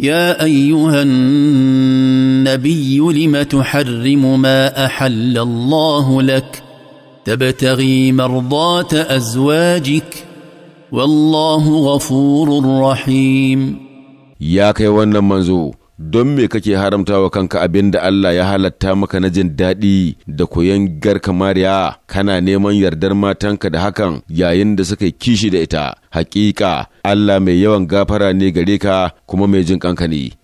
يا ايها النبي لم تحرم ما احل الله لك تبتغي مرضاه ازواجك والله غفور رحيم يا كي منزو don me kake haramta wa kanka abin da Allah ya halatta maka na jin daɗi da koyon garka mariya kana neman yardar matanka da hakan yayin da suka kishi da ita hakika Allah mai yawan gafara ne gare ka kuma mai jin kanka ne